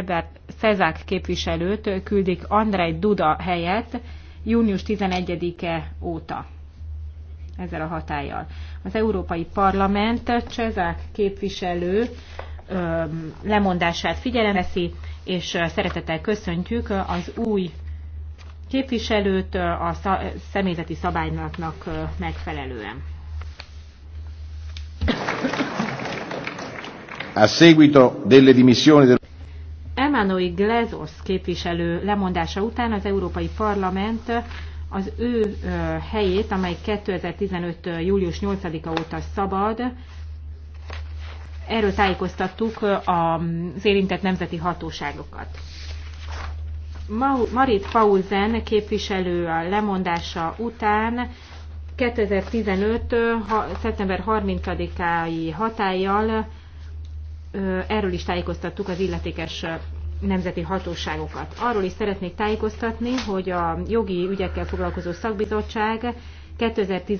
Ebert Szezák képviselőt küldik Andrej Duda helyett június 11-e óta ezzel a hatállyal. Az Európai Parlament Csezák képviselő lemondását figyelemeszi, és szeretettel köszöntjük az új képviselőt a személyzeti szabálynak megfelelően. A seguito delle dimissioni del Germánoi Glezos képviselő lemondása után az Európai Parlament az ő helyét, amely 2015. július 8-a óta szabad, erről tájékoztattuk az érintett nemzeti hatóságokat. Marit Paulsen képviselő a lemondása után 2015. szeptember 30 ai hatállyal erről is tájékoztattuk az illetékes nemzeti hatóságokat. Arról is szeretnék tájékoztatni, hogy a jogi ügyekkel foglalkozó szakbizottság 2010